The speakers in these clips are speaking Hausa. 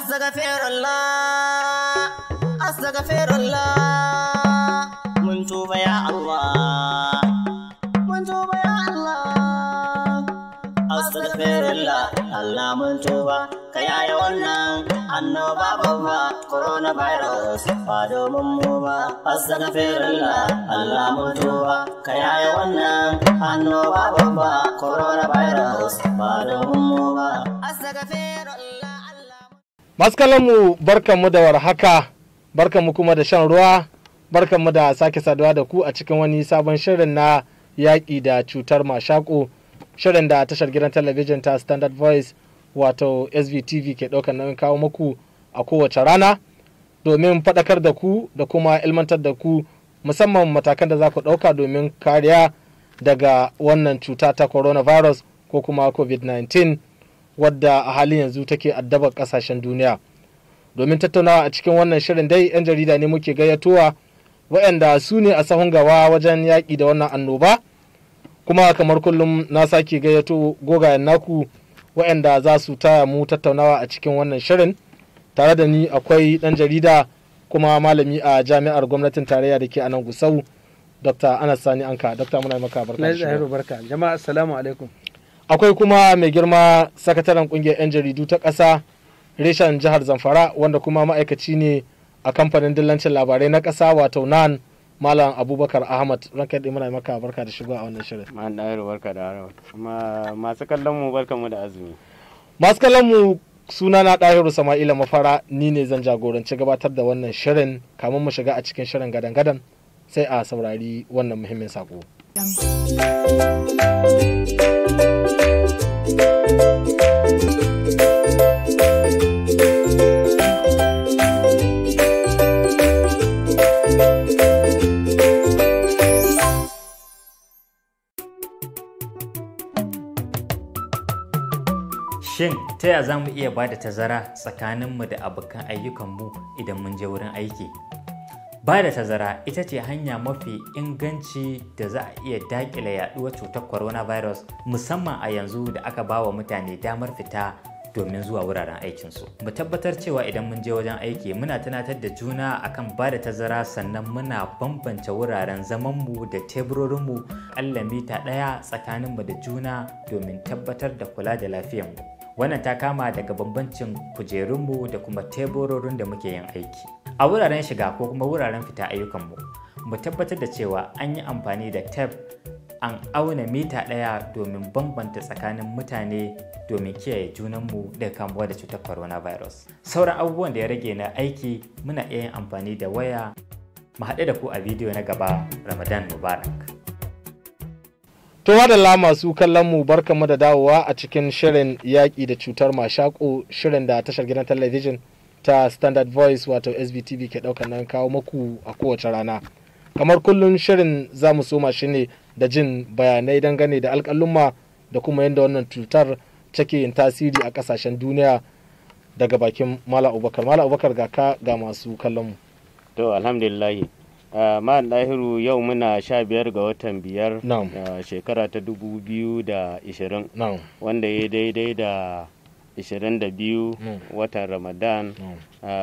astaghfirullah astaghfirullah mun tuba ya Allah mun tuba ya Allah astaghfirullah Allah mun tuba ka yaya wannan annoba babba coronavirus ba domin mu ba astaghfirullah Allah mun tuba ka yaya wannan annoba babba coronavirus ba domin mu ba maskalanmu barkanmu da warhaka barkanmu kuma da shan ruwa barkanmu da sake saduwa da ku a cikin wani sabon shirin na yaƙi da cutar mashaƙo shirin da tashar gidan talabijin ta standard voice wato svtv ke ɗaukar nauyin kawo muku a kowace rana domin faɗakar da ku da kuma ilmantar da ku musamman matakan da za ku ɗauka domin kariya daga wannan cuta ta coronavirus ko kuma covid-19 wadda a halin yanzu take addabar kasashen duniya domin tattaunawa a cikin wannan shirin dai 'yan jarida ne muke gayyatowa waɗanda su ne a sahun gaba wajen yaƙi da wannan annoba kuma kamar kullum na sake gayyato gogayen naku waɗanda za su taya mu tattaunawa a cikin wannan shirin tare da ni akwai ɗan jarida kuma malami a jami'ar gwamnatin tarayya da ke a nan gusau dr anas sani anka dr muna maka barka jama'a assalamu alaikum akwai kuma mai girma sakataren kungiyar 'yan jaridu ta ƙasa reshen jihar zamfara wanda kuma ma'aikaci ne a kamfanin dillancin labarai na ƙasa wato nan malam abubakar ahmad ranka yadda muna maka barka da shigo a wannan shirin ma'an da barka da harawa kuma masu kallon mu barka mu da azumi masu kallon mu suna na ɗahiru sama'ila mafara ni ne zan jagoranci gabatar da wannan shirin kamun mu shiga a cikin shirin gadan-gadan sai a saurari wannan muhimmin sako. Shin ta ya za mu iya ba da tazara tsakaninmu da abokan ayyukanmu idan mun je wurin aiki? Ba da tazara ita ce hanya mafi inganci da za a iya daƙile yaɗuwar cutar coronavirus musamman a yanzu da aka ba wa mutane damar fita domin zuwa wuraren aikinsu. Mu tabbatar cewa idan mun je wajen aiki muna tunatar da juna akan ba da tazara sannan muna bambance wuraren zamanmu da teburorinmu ƙalla mita ɗaya tsakaninmu da juna domin tabbatar da kula da lafiyarmu. wannan ta kama daga bambancin kujerunmu da kuma teburorin da muke yin aiki a wuraren shiga ko kuma wuraren fita ayyukanmu mu tabbatar da cewa an yi amfani da tef an auna mita ɗaya domin bambanta tsakanin mutane domin kiyaye junanmu daga kamuwa da cutar coronavirus sauran abubuwan da ya rage na aiki muna iya yin amfani da waya mu haɗu da ku a bidiyo na gaba ramadan mubarak To la masu kallon mu barkamu da dawowa a cikin shirin yaƙi da cutar mashako shirin da tashar gidan talabijin ta Standard Voice wato SBTV ke ɗaukar nan kawo maku a kowace rana. Kamar kullum shirin za mu soma shi ne da jin bayanai dangane da alƙalumma da kuma yadda wannan cutar take yin tasiri a ƙasashen duniya daga bakin Mala Abubakar. Mala Abubakar ga ka ga masu kallon mu. To alhamdulillah man lahiru yau muna sha biyar ga watan biyar shekara ta dubu biyu da ishirin wanda ya daidai da ishirin da biyu watan ramadan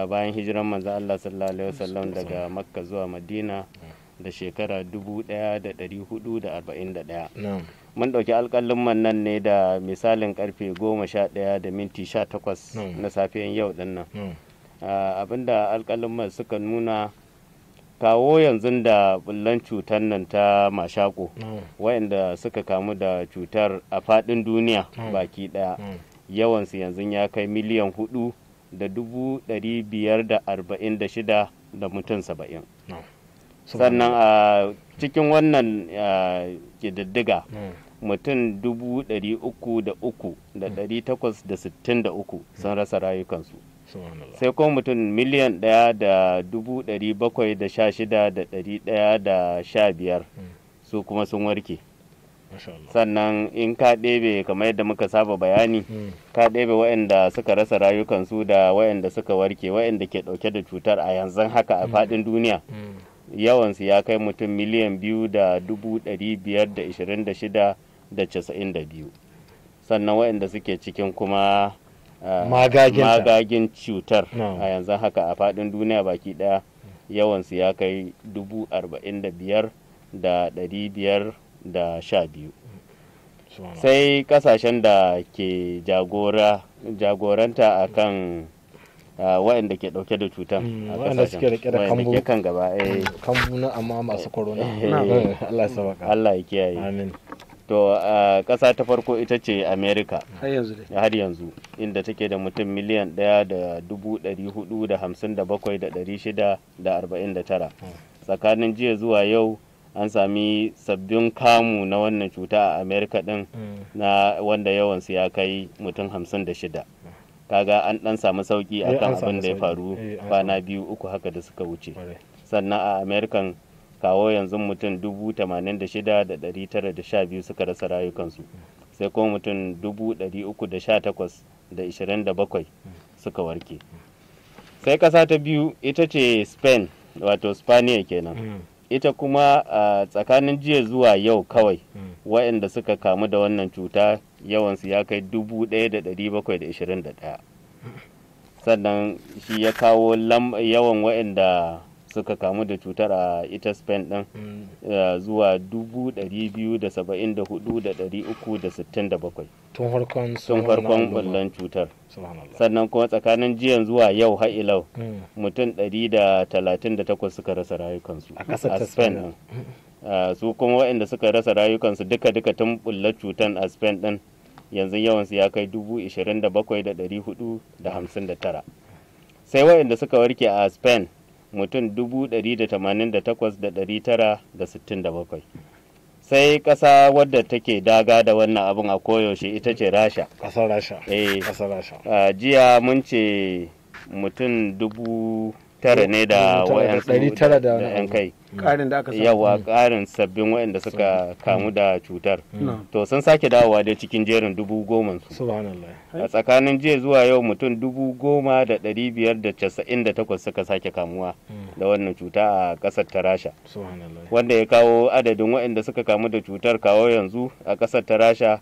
bayan hijiran manzo allah sallallahu alaihi wasallam daga makka zuwa madina da shekara dubu daya da da da dari hudu arba'in daya. mun ɗauki alkalin man nan ne da misalin karfe goma sha daya da minti sha takwas. na safiyan yau dinnan. abinda alkalin man suka nuna kawo yanzu da bullan cutar nan ta mashako mm. waɗanda suka kamu da cutar a faɗin duniya mm. baki ɗaya mm. yawansu yanzu ya kai miliyan hudu da dubu ɗari biyar da arba'in da shida da mutum saba'in sannan a cikin wannan ƙididdiga mutum dubu ɗari uku da uku da ɗari takwas da sittin da uku sun rasa rayukansu sai ko mutum miliyan ɗaya da dubu ɗari bakwai da sha shida da ɗari ɗaya da sha biyar hmm. su kuma sun warke sannan in ka ɗebe kamar yadda muka saba bayani hmm. ka ɗebe waɗanda suka rasa rayukansu da waɗanda suka warke waɗanda ke ɗauke da cutar a yanzu haka a hmm. faɗin duniya yawansu ya kai mutum miliyan biyu da dubu ɗari biyar da ishirin da shida da casa'in da biyu sannan waɗanda suke cikin kuma magagin cutar a yanzu haka a faɗin duniya baki ɗaya yawansu ya kai dubu arba'in da biyar da ɗari biyar da sha biyu sai kasashen da ke jagoranta a kan waɗanda ke ɗauke da cutar mm, waɗanda suke kan gaba eh. kambu na amma masu corona eh, Allah ya kiyaye to a ƙasa ta farko ita ce america har yanzu inda take da mutum miliyan ɗaya da dubu ɗari hudu da hamsin da bakwai da ɗari shida da arba'in da tara hmm. tsakanin jiya zuwa yau an sami sabbin kamu na wannan cuta a america ɗin hmm. na wanda yawan su ya kai mutum hamsin da shida kaga an ɗan samu sauki akan eh, abin da ya faru eh, kwana biyu uku haka da suka wuce sannan a american kawo yanzu mutum 86,912 suka rasa rayukansu sai kuma mutum 318,27 suka warke sai kasa ta biyu ita ce spain wato spaniya kenan mm. ita kuma a uh, tsakanin jiya zuwa yau kawai mm. waɗanda suka kamu da wannan cuta yawansu ya kai 1,721 sannan shi ya kawo yawan waɗanda suka kamu da cutar a ita spain din mm. eh, zuwa 274,367 tun farkon bullon cutar sannan kuma tsakanin jiyan zuwa yau ha'ilau mm. mutum 138 suka rasa rayukansu a spain din eh, su kuma waɗanda suka rasa rayukansu duka-duka tun bullon cutar a spain din yanzu yawansu ya kai 27,459 sai waɗanda suka warke a spain mutum 188,967 sai ƙasa wadda take daga da wannan abin a koyaushe ita ce rasha ƙasar rasha eh a jiya mun ce mutum 9,000 ne da wayan kai Mm. ƙarin da aka samu yawa ƙarin sabbin waɗanda suka mm. kamu da cutar to sun sake dawowa dai cikin jerin dubu goma su a tsakanin jiya zuwa yau mutum dubu goma da ɗari biyar da casa'in da takwas suka sake kamuwa mm. da wannan cuta a ƙasar ta rasha wanda ya kawo adadin waɗanda suka kamu da cutar kawo yanzu a ƙasar ta rasha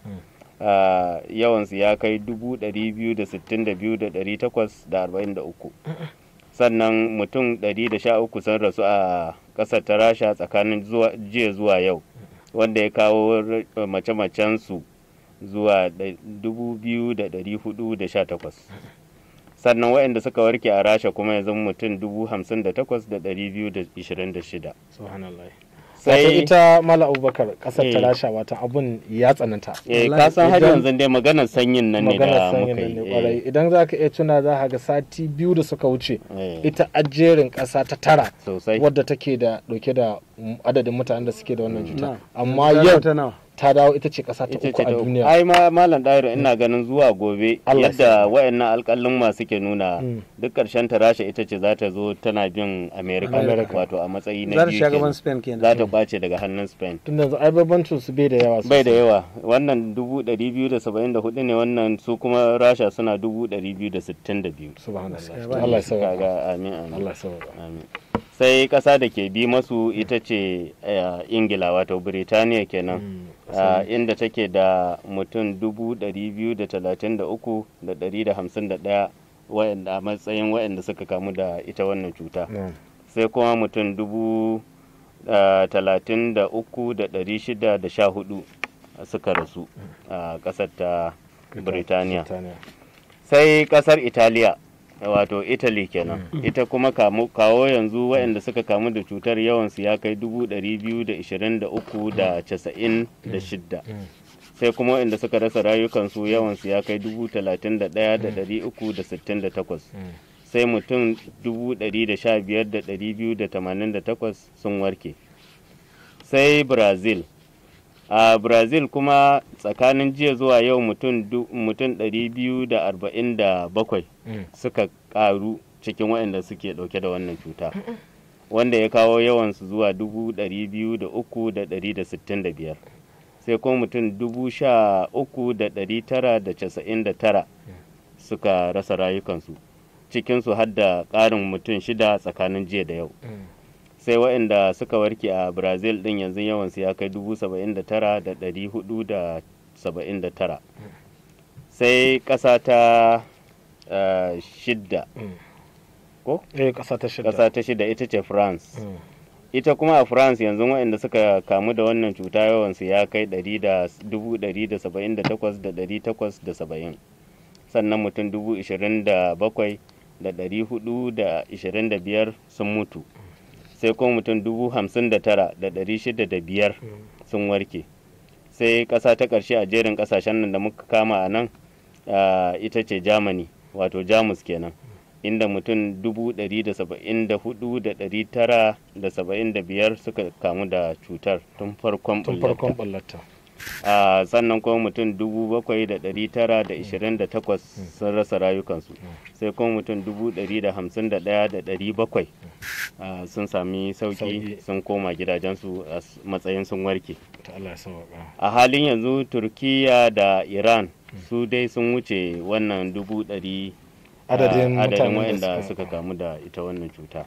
yawansu ya kai dubu biyu biyu da da da da da sittin takwas arba'in uku. sannan mutum da sha uku sun rasu a kasar ta rasha tsakanin jiya zuwa yau wanda ya kawo mace-macen su zuwa 2,418 sannan waɗanda suka warke a rasha kuma ya zama mutum 58,226 sai ita mala abubakar kasar ta eh. rasha wata abun ya tsananta eh, ka san har yanzu dai maganar sanyin nan ne da muka eh. idan za iya tuna za ka ga sati biyu da suka wuce ita ajerin kasa ta tara wadda take da dauke da adadin mutanen da suke da wannan cuta amma yau ta dawo ita ce kasa ta uku a duniya ai ma malam dairo ina hmm. ganin zuwa gobe yadda wayannan alƙalin masu ke nuna hmm. duk karshen ta rasha ita ce za ta zo tana bin america wato a matsayi na biyu za ta bace daga hannun spain tun yanzu ai babbancin su bai da yawa bai da yawa wannan hudu ne wannan su kuma rasha suna 262 subhanallah Allah ya sauka amin amin Allah ya sauka amin sai ƙasa da ke bi masu ita ce eh, ingila wato biritaniya kenan mm, ah, inda take da mutum 233,151 a matsayin wa'anda suka kamu da ita wannan cuta sai kuma mutum 33,614 ah, suka rasu a ƙasar ta biritaniya sai ƙasar italiya wato italy kenan mm. ita kuma kawo yanzu waɗanda suka kamu da cutar yawansu ya kai 223,096 mm. mm. sai kuma waɗanda suka rasa rayukansu yawansu ya kai 31,368 sai mutum 115,288 sun warke sai brazil a brazil kuma tsakanin jiya zuwa yau mutum 247 suka karu cikin waɗanda suke ɗauke da wannan cuta wanda ya kawo yawansu zuwa dubu dari biyu da uku da dari da sittin da biyar sai kuma mutum dubu sha uku da dari tara da casa'in da tara suka rasa rayukansu cikinsu har da ƙarin mutum shida tsakanin jiya da yau sai waɗanda suka warke a brazil ɗin yanzu yawansu ya kai dubu saba'in da tara da dari hudu da saba'in da tara sai ƙasa ta shidda ko? eh ƙasa ta shidda ƙasa ta shidda ita ce france hmm. ita kuma a france yanzu waɗanda suka kamu da wannan cuta yawansu ya kai 178,870 sannan mutum 27,425 sun mutu sai kuma mutum 59,605 hmm. sun warke sai ƙasa ta ƙarshe a jerin ƙasashen nan da muka kama a nan ah, ita ce germany wato jamus kenan inda mutum biyar suka kamu da cutar tun farkon ballata a sannan kuma mutum 7,928 hmm. sun rasa rayukansu hmm. sai kuma mutum 151,700 hmm. sun sami sauki sun koma gidajensu a matsayin sun warke a halin yanzu turkiya da iran su dai sun wuce wannan dubu ɗari ah, adadin waɗanda suka kamu da ita wannan cuta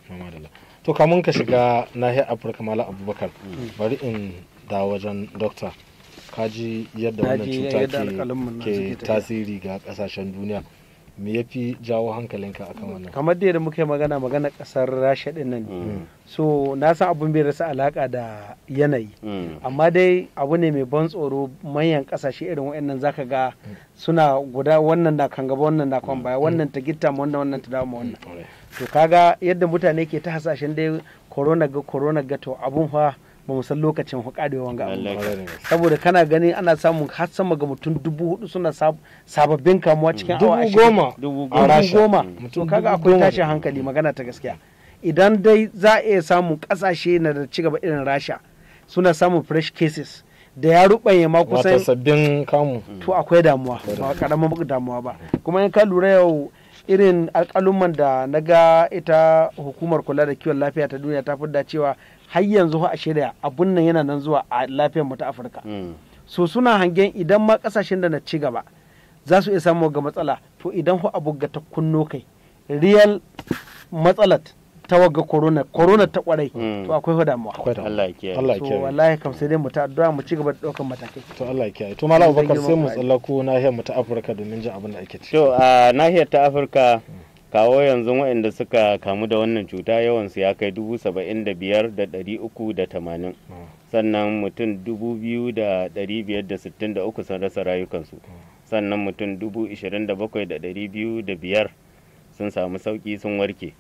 to kamun ka shiga nahiyar afirka mala abubakar bari in da wajen dokta kaji yadda wannan cuta ke tasiri ga kasashen duniya me ya fi jawo hankalinka kan wannan kamar da muka yi magana magana kasar rasha din nan mm. so na san abun bai rasa alaka da yanayi mm. amma dai abu ne mai ban tsoro manyan kasashe irin wa'annan zaka ga suna guda wannan na kan gaba wannan na kan baya wannan ta gitta ma wannan wannan ta dawo ma wannan mm. to kaga yadda mutane ke ta hasashen dai corona ga corona ga to abun fa ba mu san lokacin hukari wanga saboda kana gani ana samun har sama ga mutum dubu hudu suna sababbin kamuwa cikin awa ashirin dubu goma mm. to kaga akwai tashin hankali magana ta gaskiya idan dai za a iya samun kasashe na da ci gaba irin rasha suna samun fresh cases da ya rubanye ma kusan sabbin kamu mm. to akwai damuwa ba karamin damuwa ba kuma in ka lura yau irin alkaluman da na ga ita hukumar kula da kiwon lafiya ta duniya ta fudda cewa har yanzu a shirya abun nan yana nan zuwa a lafiyar mu ta afirka mm. so suna hangen idan ma kasashen da na ci gaba za su iya samu ga matsala to idan ho abu ga ta kunno kai real matsalat ta waga corona corona ta kwarai mm. to akwai ho damuwa Allah ya kiyaye Allah ya kiyaye wallahi kam sai dai mu ta addu'a mu ci gaba da daukan matakai to Allah ya kiyaye to malam Abubakar sai mu tsallako nahiyar mu ta Afirka domin jin abin da ake ciki to a nahiyar ta Afirka mm. kawo yanzu waɗanda suka kamu da wannan cuta yawansu ya kai dubu saba'in da biyar da ɗari uku da tamanin sannan mutum dubu biyu da ɗari biyar da sittin da uku sun rasa rayukansu sannan mutum dubu ishirin da bakwai da ɗari biyu da biyar sun samu sauƙi sun warke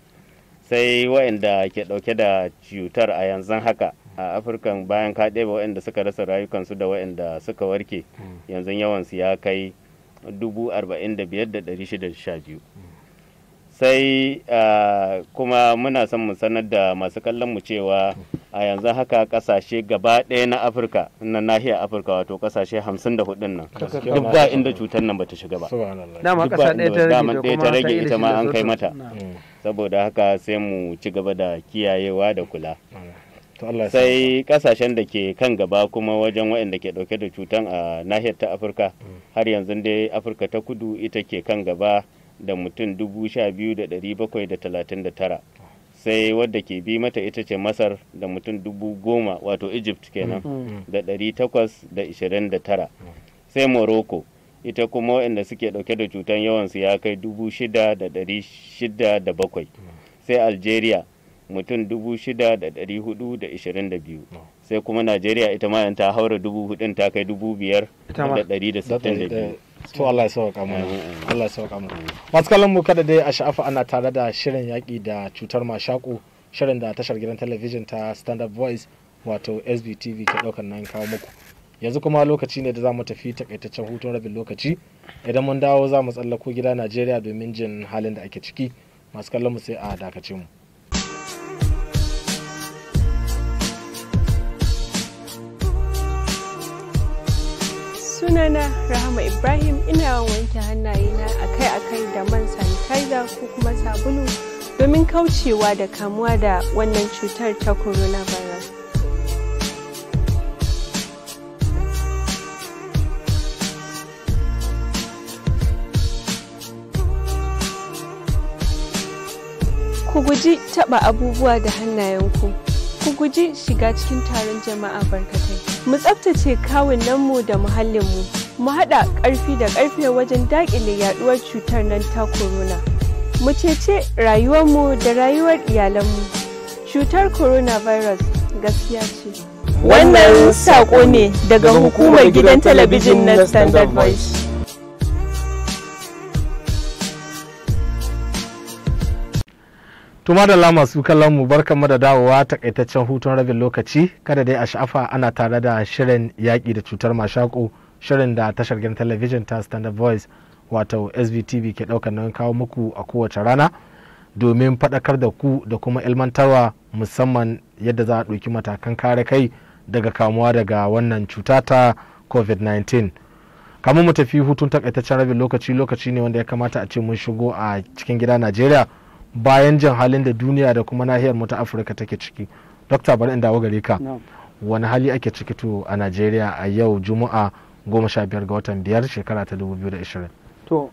sai waɗanda ke ɗauke da cutar a yanzu haka a afirka bayan ka ɗebe waɗanda suka rasa rayukansu da waɗanda suka warke yanzu yawansu ya kai dubu arba'in da biyar da ɗari shida sha biyu sai ah, kuma muna son mu sanar da masu kallon mu cewa a yanzu haka kasashe gaba ɗaya na afirka na nahiyar afirka wato kasashe 54 nan duk ba inda cutar nan bata shiga ba daman ɗaya ta rage ita ma an kai mata saboda haka sai mu ci gaba da kiyayewa da kula sai kasashen da ke kan gaba kuma wajen waɗanda ke ɗauke da cutan a nahiyar ta afirka mm. har yanzu dai afirka ta kudu ita ke kan gaba da mutum 12,739 sai wadda ke bi mata ita ce masar da mutum 10,000 wato egypt kenan mm-hmm. Mm-hmm. da 829 sai morocco ita kuma waɗanda suke ɗauke da cutan yawansu ya kai 6,607 sai algeria mutum 6,422 mm-hmm. sai kuma nigeria ita ma ta haura 4,000 ta kai 5,162 to Allah ya sauka mana Allah ya sauka mana masu kallon mu kada dai a sha'afa ana tare da shirin yaƙi da cutar mashaƙo shirin da tashar gidan talabijin ta standard voice wato sbtv ta ɗaukar nan kawo muku yanzu kuma lokaci ne da za mu tafi takaitaccen hutun rabin lokaci idan mun dawo za mu tsallako gida najeriya domin jin halin da ake ciki masu kallon mu sai a dakace mu sunana rahama ibrahim ina wanke hannayena akai-akai da man sanitizer ko kuma sabulu domin kaucewa da kamuwa da wannan cutar ta coronavirus ku guji taba abubuwa da hannayenku ku guji shiga cikin taron jama'a barkatai mu tsabtace kawunanmu da muhallinmu mu haɗa ƙarfi da ƙarfe wajen daƙile yaɗuwar cutar nan ta corona mu cece rayuwarmu da rayuwar iyalanmu cutar coronavirus gaskiya ce wannan saƙo ne daga hukumar gidan talabijin na standard voice Tuma da lama su kallon mu bar da dawowa takaitaccen hutun rabin lokaci kada dai a sha'afa ana tare da shirin yaƙi da cutar mashaƙo shirin da tashar gidan talabijin ta standard voice wato sbtv ke ɗaukar nan kawo muku a kowace rana domin faɗakar da ku da kuma ilmantarwa musamman yadda za a ɗauki matakan kare kai daga kamuwa daga wannan cuta ta covid-19 kamar mu tafi hutun takaitaccen rabin lokaci lokaci ne wanda ya kamata a ce mun shigo a cikin gida najeriya bayan jin halin da duniya da kuma nahiyar mu ta afirka take ciki dokta bari in dawo gare ka wani hali ake ciki to a najeriya a yau juma'a goma sha biyar ga watan biyar shekara ta dubu biyu da ishirin. to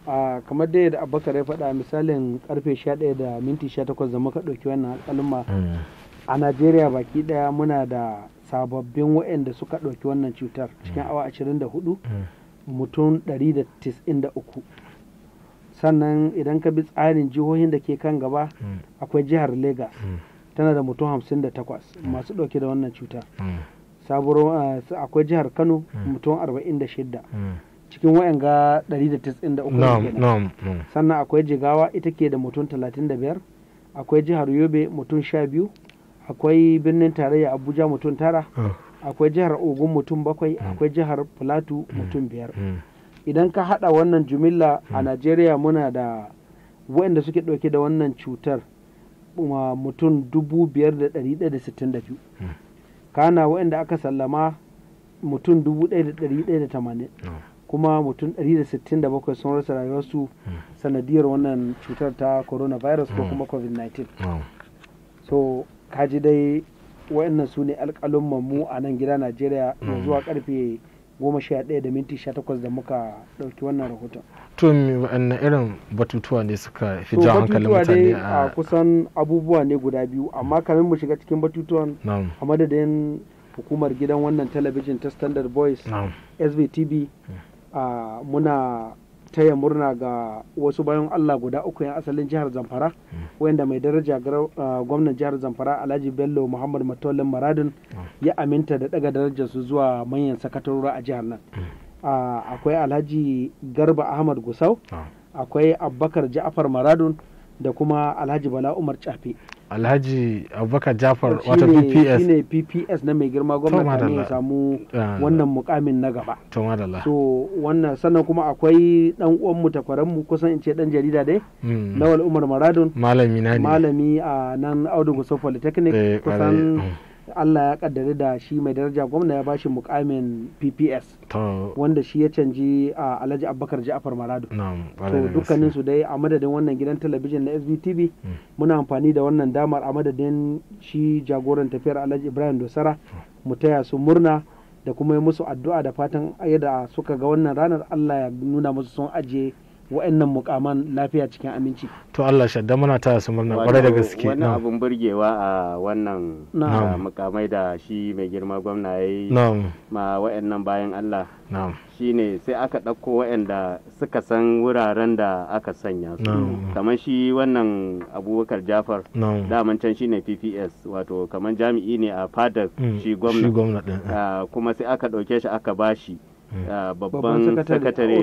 kamar dai da abubakar ya faɗa misalin karfe sha ɗaya da minti sha takwas da muka ɗauki wannan alƙaluma hmm. a najeriya baki ɗaya muna da sababbin wa'anda suka ɗauki wannan cutar hmm. cikin awa ashirin da hudu hmm. mutum ɗari da tis'in da uku sannan idan ka bi tsarin jihohin da ke kan gaba mm. akwai jihar lagos mm. tana da mutum hamsin da takwas mm. masu ɗauke da wannan cuta sabuwar uh, akwai jihar kano mutum arba'in da shidda cikin da wa'anga 193 sannan akwai jigawa ita ke da mutum talatin da biyar akwai jihar yobe mutum sha biyu akwai birnin tarayya abuja mutum tara oh. akwai jihar ogun mutum bakwai akwai jihar plateau mutum biyar. idan ka hada wannan jumilla a hmm. najeriya muna da waɗanda suke ɗauke da wannan cutar mutum 5,162 hmm. kana waɗanda aka sallama mutum 1,180 kuma mutum 167 sun rasa rayuwarsu hmm. sanadiyar wannan cutar ta coronavirus ko kuma covid-19 so kaji dai waɗannan su ne alƙalin mu a nan gida najeriya zuwa karfe goma sha ɗaya da minti sha takwas da muka ɗauki wannan rahoton. To irin batutuwa ne suka fi jan hankalin mutane a kusan abubuwa ne guda biyu amma kamin mu shiga cikin batutuwan a madadin hukumar gidan wannan talabijin ta standard boys sbtv hmm. muna taya murna ga wasu bayan Allah guda uku yan asalin jihar Zamfara wanda mai daraja uh, gwamnan jihar Zamfara Alhaji Bello Muhammad Matolin Maradin ya aminta da daga darajar su zuwa manyan sakatarora a jihar nan uh, akwai Alhaji Garba Ahmad Gusau ah. akwai Abubakar Ja'far Maradun da kuma Alhaji Bala Umar Cafe alhaji abubakar jafar wata bps shine bps na mai girma gwamnati ne ya samu ah. wannan mukamin na gaba to wannan sannan kuma akwai dan uwan mu takwaran mu kusan in ce dan jarida dai hmm. lawal umar maradun malami na ne malami a nan audu gusau polytechnic eh, kusan Allah ya kaddari da shi mai daraja gwamna ya bashi mukamin PPS wanda shi ya canji a Alhaji Abubakar Ja'far Maradu to dukkanin su dai a madadin wannan gidan talabijin na SBTV hmm. muna amfani da wannan damar a madadin shi jagoran tafiyar Alhaji Ibrahim Dosara mu taya su murna da kuma yi musu addu'a da fatan yadda suka ga wannan ranar Allah ya nuna musu sun ajiye wa'annan mukaman lafiya cikin aminci to Allah shadda muna ta su murna kwarai da gaske wannan abun burgewa a wannan mukamai da shi mai girma gwamna ya yi ma wa'annan bayan Allah Shi ne sai aka ɗauko wa'anda suka san wuraren da aka sanya su kamar shi wannan abubakar jafar daman can shi ne pps wato kamar jami'i ne a fadar mm. shi gwamna eh. ah, kuma sai aka ɗauke shi aka bashi Eh. Eh, babban sakatare a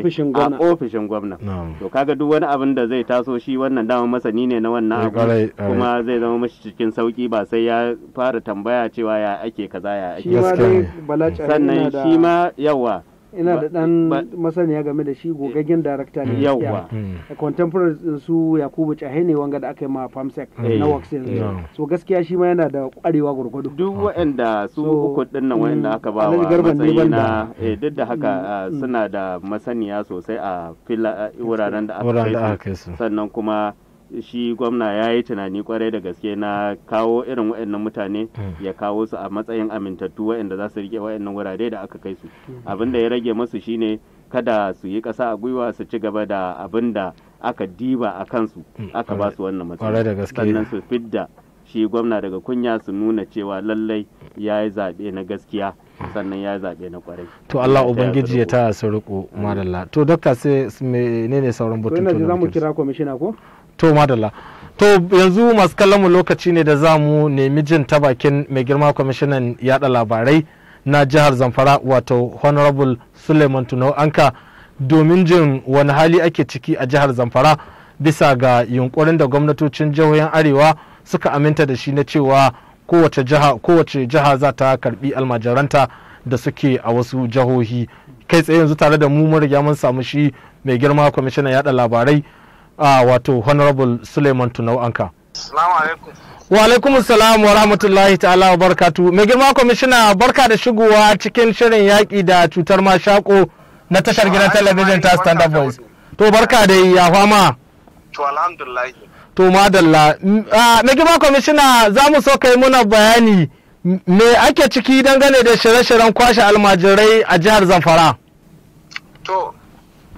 ofishin gwamna to kaga duk wani abin da zai taso shi wannan dama masani ne na wannan eh, abu kuma zai zama mashi cikin sauki ba sai ya fara tambaya cewa ya ake kaza ya ake sannan shi ma yawa ina da dan masaniya game da shi gogaggen darakta ne yawa a hmm. contemporary su yakubu cahe ne wanga da aka yi ma famsec na eh. waxin so gaskiya shi ma yana da kwarewa gurgudu duk waɗanda su uku din nan mm, waɗanda aka ba wa matsayi na eh, duk da haka mm, ah, mm. suna da masaniya sosai a eh, wuraren da aka yi sannan kuma shi gwamna ya yi tunani kwarai da gaske na kawo irin waɗannan mutane mm. ya kawo su a matsayin amintattu waɗanda za su rike waɗannan wurare da aka kai su mm. abin da ya rage masu shine kada su yi ƙasa a gwiwa su ci gaba da abin da aka diba a kansu mm. aka ba su wannan matsayi sannan su fidda shi gwamna daga kunya su nuna cewa lallai ya yi zaɓe na gaskiya sannan ya yi zaɓe na kwarai. To Allah Ubangiji ya taya su riko madalla. To dokta sai ne ne sauran batutuwan. kira kwamishina ko? to madalla to yanzu masu kallonmu lokaci ne da za mu nemi jin ta bakin mai girma kwamishinan yada labarai na jihar zamfara wato honorable suleiman tuno anka domin jin wani hali ake ciki a jihar zamfara bisa ga yunkurin da gwamnatocin jihohin arewa suka aminta da shi na cewa kowace jiha kowace jiha za ta karbi almajiranta da suke a wasu jihohi kai tsaye yanzu tare da mu mun riga mun samu shi mai girma kwamishinan yada labarai uh, wato honorable suleiman tunau anka salamu wa alaikum salam wa rahmatullahi ta'ala wa barkatu mai girma kwamishina barka da shigowa cikin shirin yaƙi da cutar mashako na tashar gidan ah, talabijin ta Standard voice to barka da ya fama to alhamdulillah to madalla mm, ah, mai girma kwamishina za mu so kai muna bayani me ake ciki dangane da shirye-shiryen kwashe almajirai a jihar zamfara to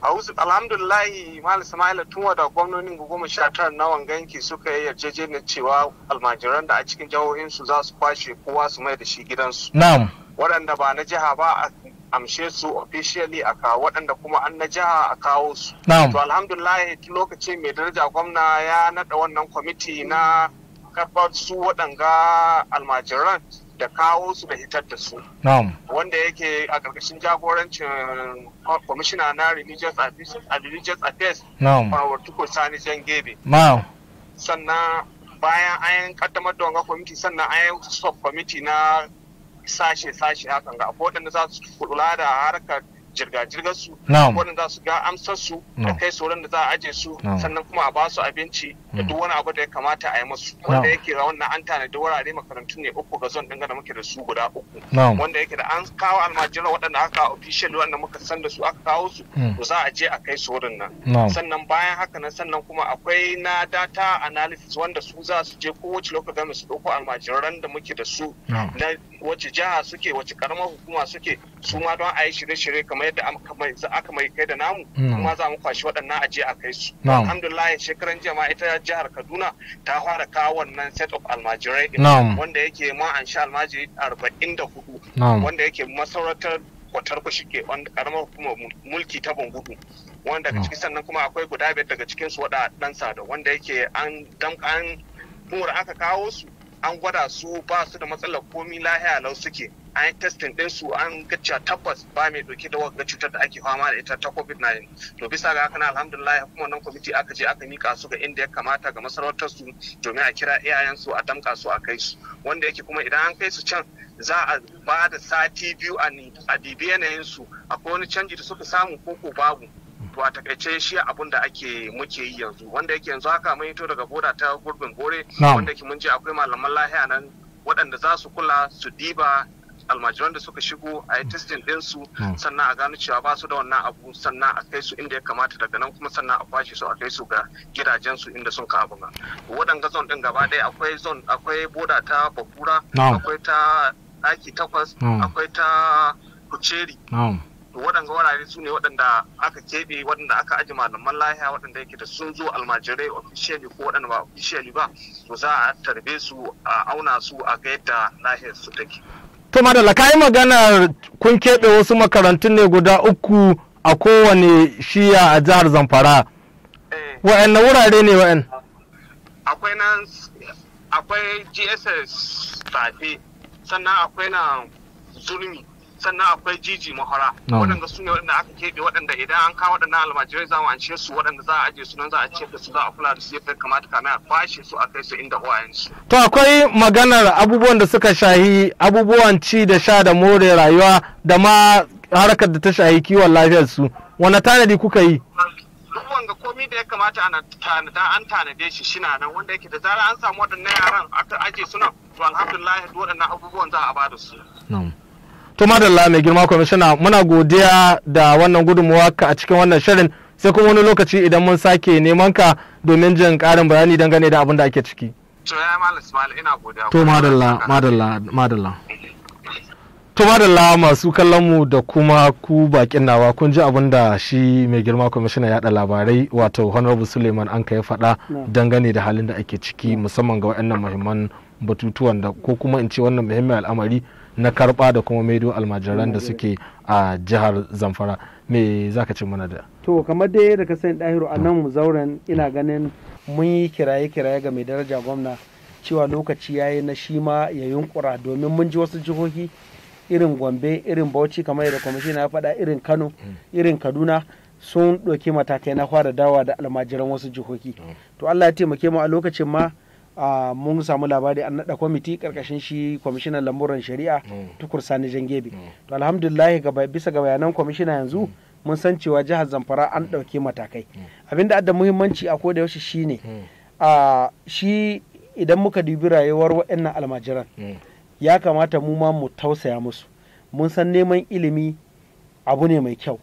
alhamdulillahi malam sama'ila tun wada gwamnonin goma sha tara na wanganki suka yi yarjejeniyar cewa almajiran da a cikin jihohinsu za su kwashe kowa su mai da shi gidansu na'am waɗanda ba na jiha ba a amshe su officially a kawo waɗanda kuma an na jiha a kawo su to alhamdulillahi tun lokaci mai daraja gwamna ya naɗa wannan kwamiti na karɓar su waɗanga almajiran da kawo su da hitar da su wanda yake a ƙarƙashin jagorancin kwamishina na religious affairs farwartuko sani jan gebe sannan bayan an ƙaddamar da wanga kwamiti sannan an sub kwamiti na sashe-sashe hakan ga waɗanda za su kula da harkar jirga-jirgar su wanda za su ga amsar su da kai sauran da za a aje su sannan kuma a ba su abinci da mm. duk wani abu da ya kamata a yi musu wanda yake ga wannan an da wurare makarantu ne uku ga zon dangane muke da su guda uku wanda yake da an kawo almajiran waɗanda aka official wanda muka san da su aka kawo su mm. to za a je a kai sauran nan sannan bayan haka nan sannan kuma akwai na data analysis wanda su za su je kowace lokaci game su ɗauko almajiran da muke da su na wace jiha suke wace karamar hukuma suke su ma don a yi shirye-shirye kamar kamar yadda aka mai kai da namu mm. kuma za mu kwashi waɗannan aje a kai su alhamdulillah shekaran jiya ita jihar kaduna ta fara kawo wannan set of almajirai wanda yake ma an sha almajiri arba'in da hudu wanda yake masauratar kwatar ku wanda karamar hukumar mulki ta bangudu wanda daga ciki sannan kuma akwai guda biyar daga cikin su wada dan sada wanda yake an damka an aka kawo su an gwada su ba su da matsalar komi lahiya lau suke an yi testin din su an ga tabbas ba mai dauke da wagga cutar da ake fama da ita ta covid-19 to bisa ga haka na alhamdulillah kuma wannan kwamiti aka je aka mika su ga inda ya kamata ga masarautar su domin a kira iyayen su a damka su a kai su wanda yake kuma idan an kai su can za a ba da sati biyu a dibi yanayin su akwai wani canji da suka samu koko babu to a takaice shi abun da ake muke yi yanzu wanda yake yanzu haka mun hito daga boda ta gurbin bore wanda yake mun je akwai malaman lahiya nan waɗanda za su kula su diba almajiran da suka shigo a yi testin ɗinsu hmm. sannan a gano cewa ba su da wannan abu sannan a kai su inda ya kamata daga nan kuma sannan a kwashe su a kai su ga gidajensu inda sun ka abu waɗanga zon ɗin gaba ɗaya akwai zon akwai boda ta bakura akwai ta ɗaki takwas akwai ta kuceri waɗanda wurare su ne waɗanda aka keɓe waɗanda aka aji malaman lahiya waɗanda yake da sun zo almajirai officially ko waɗanda ba officially ba to za a tarbe su a auna su a ga yadda lahiyar su take to madalla ka yi maganar kun keɓe wasu makarantun ne guda uku a kowane shiya a jihar zamfara eh. na wurare ne wa'an akwai na akwai gss tafi sannan akwai na zulmi. sannan akwai jiji mahara waɗanda su ne waɗanda aka keɓe waɗanda idan an kawo waɗannan almajirai za mu anshe su waɗanda za a aje su nan za a ce su za a kula da su yadda kamata kamar a kwashe su a kai su inda su. to akwai maganar abubuwan da suka shahi abubuwan ci da sha da more rayuwa da ma harkar da ta shahi kiwon lafiyar su wani tanadi kuka yi. ga komi da ya kamata ana tanada an tanade shi shina nan wanda yake da zarar an samu waɗannan yaran aka aje suna to alhamdulillah waɗannan abubuwan za a ba da su. to madalla mai girma kwamishina muna godiya da wannan gudunmuwa ka a cikin wannan shirin sai kuma wani lokaci idan mun sake neman ka domin jin karin bayani dangane da abin da ake ciki to madalla madalla madalla to madalla masu kallon mu da kuma ku bakin nawa kun ji abin da shi mai girma kwamishina yada labarai wato honorable suleiman an kai faɗa dangane da halin da ake ciki musamman ga waɗannan muhimman batutuwan da ko kuma in ce wannan muhimmin al'amari na karba da kuma maido almajiran da suke a jihar zamfara me za ka ce mana da to kamar dai da ka sani ɗahiru a nan zauren ina ganin mun yi kiraye kiraye ga mai daraja gwamna cewa lokaci ya yi na shi ma ya yunkura domin mun ji wasu jihohi irin gombe irin bauchi kamar yadda kwamishina ya faɗa irin kano irin kaduna sun ɗauki matakai na fara dawa da almajiran wasu jihohi mm. to allah ya taimake mu a lokacin ma mun samu labari an naɗa kwamiti karkashin shi kwamishinan lamuran shari'a mm. tukur sani jangebe mm. to alhamdulillah bisa ga bayanan kwamishina yanzu mm. mun san cewa jihar zamfara an ɗauke matakai abin da muhimmanci a koda yaushe shine a shi idan muka dubi rayuwar waɗannan almajiran ya kamata mu ma mu tausaya musu mun san neman ilimi abu ne mai kyau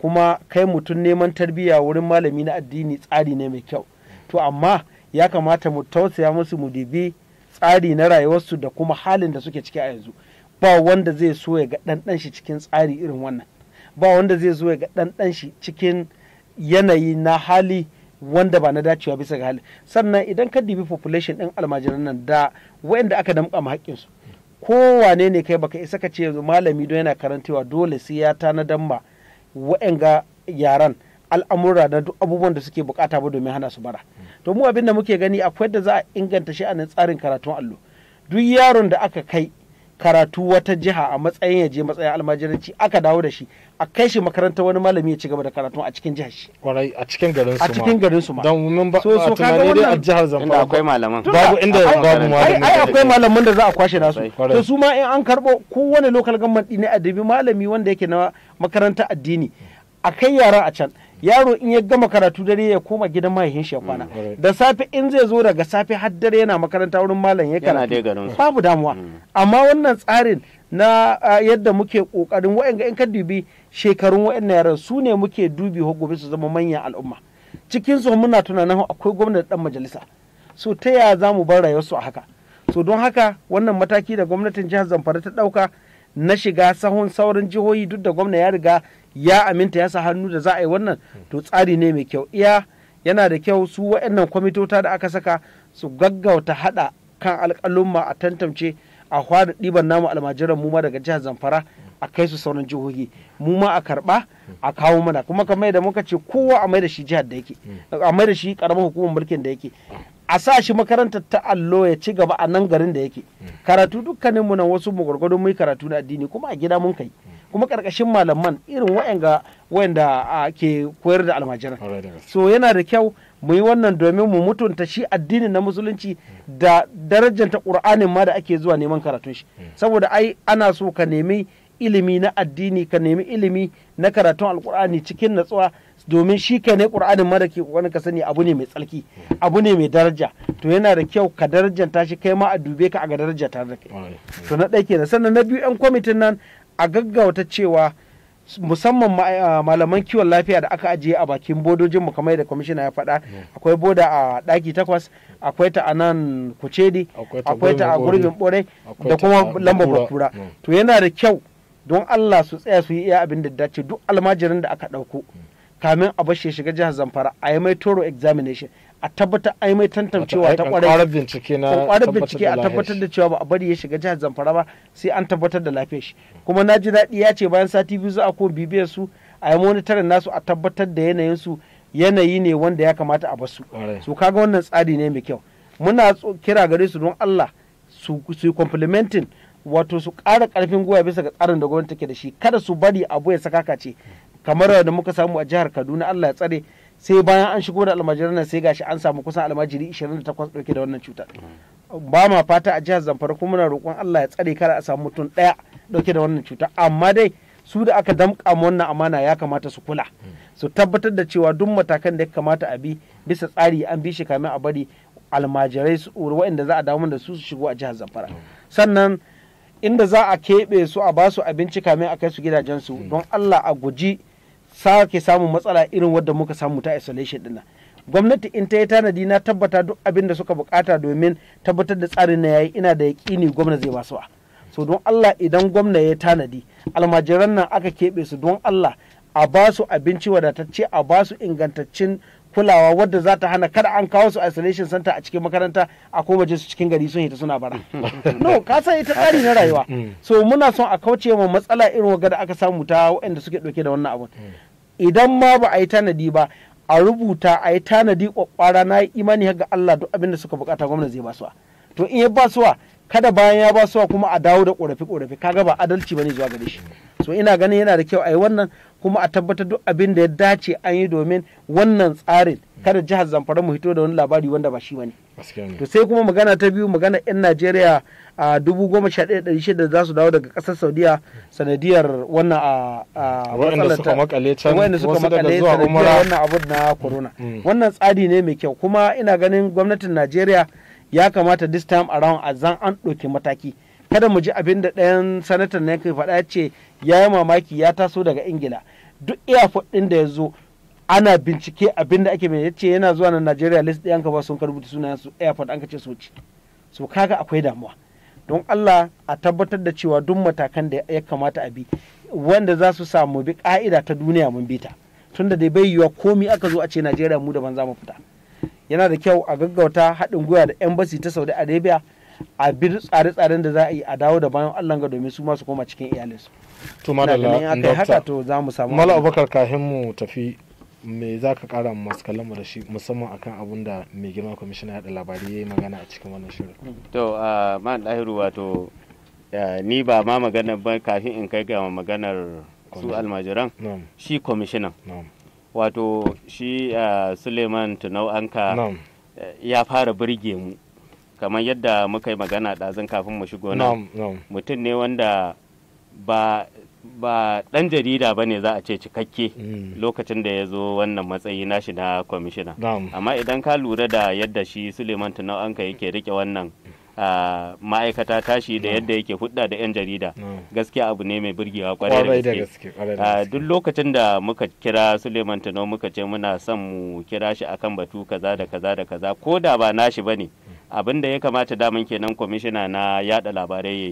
kuma kai mutum neman tarbiyya wurin malami na addini tsari ne mai kyau to amma ya kamata mu tausaya musu mu dibi tsari na rayuwarsu da kuma halin da suke ciki a yanzu ba wanda zai so ya ga ɗanɗan shi cikin tsari irin wannan ba wanda zai so ya ga ɗanɗan shi cikin yanayi na hali wanda ba na dacewa bisa ga hali sannan idan ka dibi population ɗin almajiran nan da waɗanda aka damƙa ma haƙƙinsu kowane ne kai baka isa ka ce malami don yana karantawa dole sai ya tanadan ma waɗanga yaran al'amura na duk abubuwan da suke bukata ba domin hana su bara to mu abin da muke gani akwai da za a inganta shi a nan tsarin karatun allo duk yaron da aka kai karatu wata jiha a matsayin ya je matsayin almajiranci aka dawo da shi a kai shi makaranta wani malami ya ci gaba da karatu a cikin jihar shi kwarai a cikin garin su ma a cikin garin su ma don mun ba so, so tunani dai a jihar Zamfara inda akwai malaman babu inda babu malaman ai akwai malaman da za a kwashe nasu to su ma in an karbo kowane local government ne a dabi malami wanda yake na makaranta addini a kai yaran a can yaro in ya gama karatu dare ya koma gidan mahaifin shi ya kwana mm, da safe in zai zo daga safe har dare yana makaranta wurin malam ya karatu babu damuwa mm. amma wannan tsarin na yadda muke kokarin wa'anga in ka dubi shekarun wa'annan yaran su ne muke dubi gobe su zama manyan al'umma cikin su muna tunanin akwai gwamnati dan majalisa so ta yaya za mu bar rayuwarsu a haka so don haka wannan mataki da gwamnatin jihar zamfara ta dauka na shiga sahun sauran jihohi duk da gwamna ya riga ya aminta ya sa hannu da za a yi wannan to tsari ne mai kyau iya yana da kyau su waɗannan kwamitota da aka saka su gaggauta haɗa kan alƙalumma a tantance a hwada ɗiban namu almajiran mu ma daga jihar zamfara a kai su sauran jihohi mu ma a karɓa a kawo mana kuma kamar da muka ce kowa a mai da shi jihar da yake a mai da shi ƙaramar hukumar mulkin da yake a sa shi makarantar ta allo ya ci gaba a nan garin da yake karatu dukkanin mu nan wasu mu gwargwado mu karatu na addini kuma a gida mun kai kuma karkashin malaman irin wayanga wayanda ke koyar da almajiran so yana da kyau mu yi wannan domin mu mutunta shi addinin na musulunci da darajanta qur'anin ma da ake zuwa neman karatun shi hmm. saboda ai ana so ka nemi ilimi na addini ka nemi ilimi na karatun alkur'ani cikin natsuwa domin shi kai ne ƙur'anin ma ke wani ka sani abu ne mai tsarki abu ne mai daraja to yana da kyau ka darajanta shi kai ma a dube ka a ga daraja tare da kai to na ɗaya kenan sannan na biyu yan kwamitin nan a gaggauta cewa musamman eh, malaman kiwon lafiya da aka ajiye a bakin bodojin mu kamar da kwamishina ya faɗa akwai boda a ɗaki takwas akwai ta a nan kucedi akwai ta a gurbin ɓore, da kuma lambar bakura to yana da kyau don allah su tsaya su yi iya abin da dace duk almajirin da aka ɗauko kamin a bashi shiga jihar zamfara a yi mai toro examination a tabbatar a yi mai tantancewa ta kwarai bincike a tabbatar da cewa ba a bari ya shiga jihar zamfara ba sai an tabbatar da lafiyar shi kuma na ji daɗi ya ce bayan sati biyu za a ko bibiyar su a yi monitorin nasu a tabbatar da yanayin su yanayi ne wanda ya kamata a basu su kaga wannan tsari ne mai kyau muna kira gare su don Allah su yi complementing wato su ƙara ƙarfin gwiwa bisa ga tsarin da gwamnati take da shi kada su bari abu ya saka ce kamar da muka samu a jihar kaduna allah ya tsare sai bayan an shigo da almajiran nan sai gashi an samu kusan almajiri 28 dauke da wannan cutar ba ma fata a jihar zamfara kuma muna roƙon allah ya tsare kada a samu mutum ɗaya dauke da wannan cuta amma dai su da aka damƙa wannan amana ya kamata su kula su tabbatar da cewa duk matakan da ya kamata a bi bisa tsari an bi shi kamin a bari almajirai su waɗanda za a damu da su su shigo a jihar zamfara sannan inda za a keɓe su a basu abinci kamin a kai su gidajensu don allah a guji ke samun matsala irin wadda muka samu ta isolation dinna gwamnati in ta yi tanadi na tabbata duk abin da suka bukata domin tabbatar da tsarin na yayi ina da yaƙini gwamna zai basu so don Allah idan gwamna ya tanadi almajiran nan aka keɓe su don Allah a ba su abinci wadatacce a ba su ingantaccen kulawa wadda za ta hana kada an kawo su isolation center a cikin makaranta a koma su cikin gari sun hita suna bara no ka san ita tsari na rayuwa mm. so muna son a kauce wa matsala irin wadda aka samu ta waɗanda suke ɗauke da wannan abun mm. idan ma ba a yi tanadi ba a rubuta a yi tanadi kwakwara na imani ga Allah duk abin da suka bukata gwamnati zai basuwa to in ya basuwa kada bayan ya basuwa kuma a dawo da korafi korafi kaga ba adalci bane zuwa gare shi so ina ganin yana da kyau a yi wannan kuma a tabbatar duk abin da ya dace an yi domin wannan tsarin kada jihar zamfara mu hito da wani labari wanda ba shi ne. to sai kuma magana ta biyu magana yan najeriya a dubu goma sha ɗaya ɗari shida za su dawo daga ƙasar saudiya sanadiyar wannan a waɗanda suka makale can waɗanda suka zuwa sanadiyar wannan abu na mm. corona mm. wannan tsari ne mai kyau kuma ina ganin gwamnatin najeriya ya kamata this time around a zan an ɗauki mataki kada mu ji abin da ɗayan sanatan na kai faɗa ce ya yi mamaki ya taso daga ingila duk iya ɗin da ya zo ana bincike abin da ake mai ce yana zuwa na Najeriya list ɗaya ka ba sun karbuta sunayen su airport an ka ce soci so kaga akwai damuwa don Allah a tabbatar da cewa duk matakan da ya kamata a bi wanda za su samu bi ka'ida ta duniya mun bi ta tunda da bai yiwa komi aka zo a ce Najeriya mu daban za mu fita yana da kyau a gaggauta haɗin gwiwa da embassy ta Saudi Arabia a bi tsare-tsaren da za a yi a dawo da bayan Allah ga domin su ma su koma cikin iyalinsu. To madalla, Dokta. Mala Abubakar kahin mu tafi me za ka kara masu mu da shi musamman akan abun da mai girma kwamishina da labari ya yi magana a cikin wannan shirin to man ɗahiru wato ni ba ma maganar ba kafin in kai ga maganar su almajiran shi kwamishinan wato shi suleiman tunau anka ya fara birge mu kamar yadda muka yi magana ɗazin kafin mu shigo nan mutum ne wanda ba ba ɗan jarida ba ne za a ce cikakke mm. lokacin da ya zo wannan matsayi nashi na kwamishina amma idan ka lura da yadda shi suleiman tunau anka yake rike wannan ma'aikata tashi da yadda yake hudda da 'yan jarida gaskiya abu ne mai burgewa kwarai da gaske duk lokacin da muka kira suleiman Tunau muka ce muna son mu kira shi akan batu kaza da kaza da kaza ko da ba nashi ba ne abin da ya kamata daman kenan kwamishina na yada labarai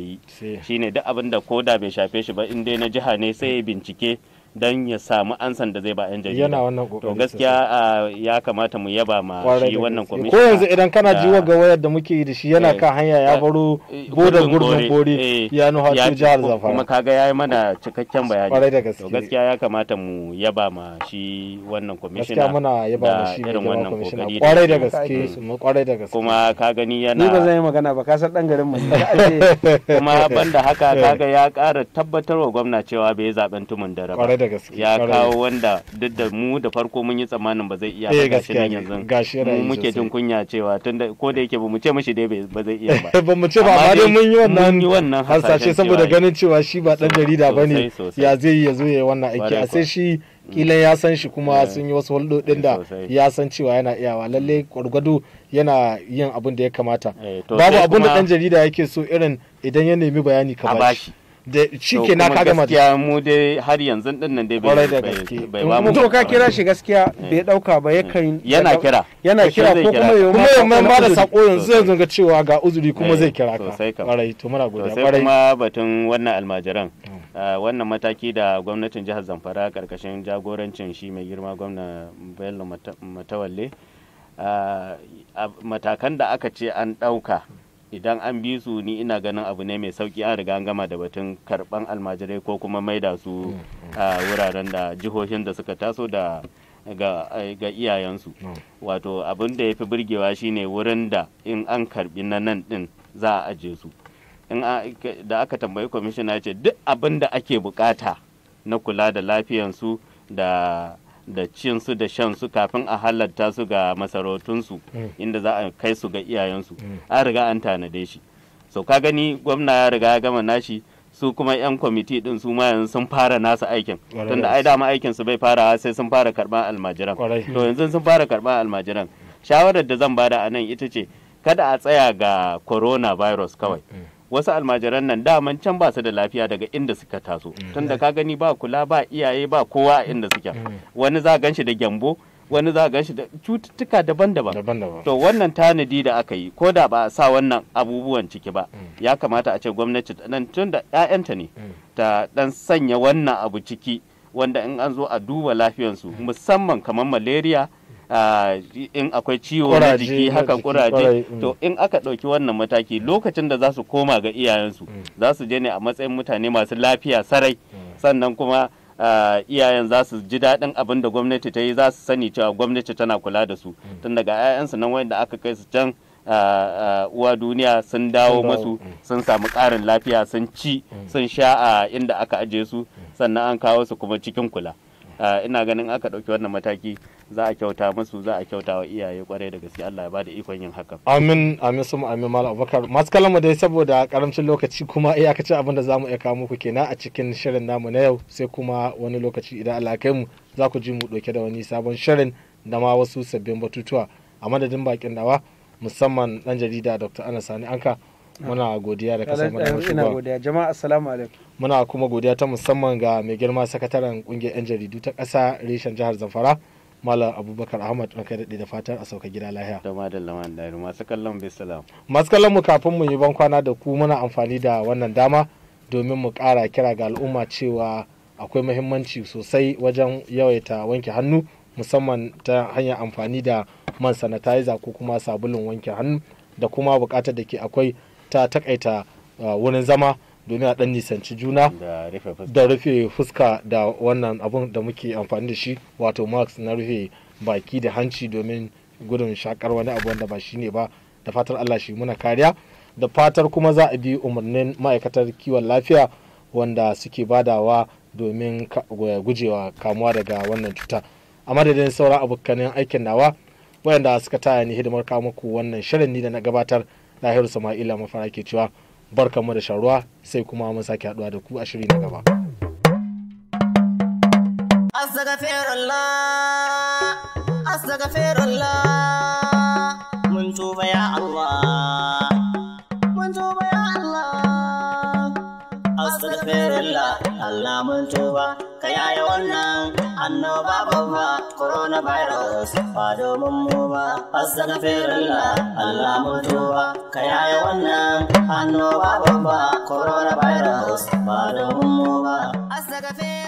ya yi shine duk abin da koda bai shafe shi ba in dai na jiha ne sai ya bincike don ya samu ansan da zai ba yan jarida yana wannan kokari to gaskiya ya kamata mu yaba ma shi wannan kwamishin ko yanzu idan kana jiwa ga wayar da muke da shi yana eh. kan hanya ya eh, baro eh, bodar gurbin bore ya nuha su jihar zafara kuma kaga yayi mana cikakken bayani to gaskiya ya kamata mu yaba ma shi wannan kwamishin gaskiya muna yaba ma shi irin wannan kokari kwarai da gaske kwarai da gaske kuma ka gani yana ni ba zan yi magana ba ka san dan garin mu kuma banda haka kaga ya kara tabbatarwa gwamna cewa bai zaben tumun dare ba da gaske ya kawo wanda duk da mu da farko mun yi tsammanin ba zai iya ba eh, gashi nan yanzu gashi mu muke jin kunya cewa tunda ko da yake ba mu ce mishi dai ba zai iya ba ba mu ce ba amma dai mun yi wannan hasashe saboda ganin cewa shi ba dan jarida bane ya zai yi ya zo ya wannan aiki a sai shi kila ya san shi kuma eh. sun yi wasu hulɗoɗin da eh, ya san cewa yana iyawa lalle gwargwado yana yin abin da ya kamata babu abin da dan jarida yake so irin idan ya nemi bayani ka bashi da shi ke na kaga mata gaskiya mu dai har yanzu din nan dai bai bai ba mu to ka kira shi gaskiya eh. bai dauka ba yakan eh. yana kira yana kira ko kuma yau kuma yau man ba da sako yanzu yanzu ga cewa ga uzuri kuma zai eh, kira ka kwarai to muna godiya sosai kuma batun wannan almajiran mm. ah, wannan mataki da gwamnatin jihar Zamfara karkashin jagorancin shi mai girma gwamna Bello Matawalle ah, matakan da aka ce an dauka idan an bi su ni ina ganin abu ne mai sauki an riga an gama da batun karban almajirai ko kuma maida su mm, mm. a wuraren da jihohin da suka taso da ga, iyayensu mm. wato abin da ya fi burgewa shine wurin da in an karbi na nan din za a aje su da aka tambayi kwamishina ce duk abin da ake bukata na kula da lafiyansu da da cinsu da shan su kafin a halatta su ga masarautunsu mm. inda za a kai su ga iyayensu mm. an riga an tanade shi so ka gani gwamna ya riga ya gama nashi su kuma 'yan kwamiti din su ma yanzu sun fara nasa aikin tunda ai dama aikin su bai fara sai sun fara karban almajiran to yanzu sun fara karban almajiran shawarar da zan bada a nan ita ce kada a tsaya ga coronavirus kawai mm. wasu almajiran nan daman can ba su da lafiya daga inda suka taso mm. tunda ka gani ba kula ba iyaye ba kowa a inda suke mm. wani za gan shi da gyambo wani za gan shi da cututtuka daban-daban to wannan tanadi da aka yi ko da ba a sa wannan abubuwan ciki ba mm. ya kamata a ce gwamnati nan tun da 'ya'yanta ne ta dan sanya wannan abu ciki wanda in an zo a duba lafiyansu musamman kamar malaria in akwai ciwo na jiki haka kuraje mm. to in aka ɗauki wannan mataki lokacin da za su koma ga iyayensu mm. za su je ne a matsayin mutane masu lafiya sarai mm. sannan kuma iyayen za su ji daɗin abin da gwamnati ta yi za su sani cewa gwamnati tana kula da su tun daga 'ya'yansu nan wanda aka kai su can uwa duniya sun dawo masu sun samu ƙarin lafiya sun ci sun sha a inda aka ajiye su sannan an kawo su kuma cikin kula Eh, ina ganin aka ɗauki wannan mataki za a kyauta musu za a kyauta wa iyaye kwarai da gaske Allah ya ba da ikon yin haka. Amin amin sun amin malam Abubakar masu kalama dai saboda karamcin lokaci kuma iyakacin eh, abin da zamu iya kawo muku kenan a cikin shirin namu na yau sai kuma wani lokaci idan Allah kai mu za ku ji mu ɗauke da wani sabon shirin da ma wasu sabbin batutuwa a madadin bakin dawa musamman ɗan jarida Dr. Anas Sani Anka. muna godiya da kasar mana godiya jama'a assalamu alaikum muna kuma godiya ta musamman ga mai girma sakataren kungiyar yan jaridu ta ƙasa reshen jihar zamfara Malam Abubakar Ahmad ranka daɗe da fatar a sauka gida lahiya. Da ma da da masu kallon bai salam. Masu kallon mu kafin mu yi ban kwana da ku muna amfani da wannan dama domin mu ƙara kira ga al'umma cewa akwai muhimmanci sosai wajen yawaita wanke hannu musamman ta hanyar amfani da man sanitizer ko kuma sabulun wanke hannu da kuma buƙatar da ke akwai ta takaita uh, wurin zama domin a dan nisanci juna da rufe fuska da wannan abun da muke amfani da shi wato max na rufe baki da hanci domin gudun shakar wani abu wanda ba shi ne ba da fatar allah shi muna kariya da fatar kuma za a bi umarnin ma'aikatar kiwon lafiya wanda suke badawa domin eh, gujewa kamuwa daga wannan cuta a madadin sauran abokanin aikin nawa wayanda suka taya ni hidimar kawo muku wannan shirin ni da na gabatar Lahiru Sama'ila mafara ke cewa barkamu da sharuwa sai kuma mun sake haɗuwa da ku a shiri na gaba. Mun tuba ya Allah, mun tuba ya Allah. astaghfirullah Allah mun tuba ka yaya wannan annoba babba coronavirus ba domin mu ba la Allah mun tuba ka yaya wannan annoba babba coronavirus ba domin mu ba astaghfirullah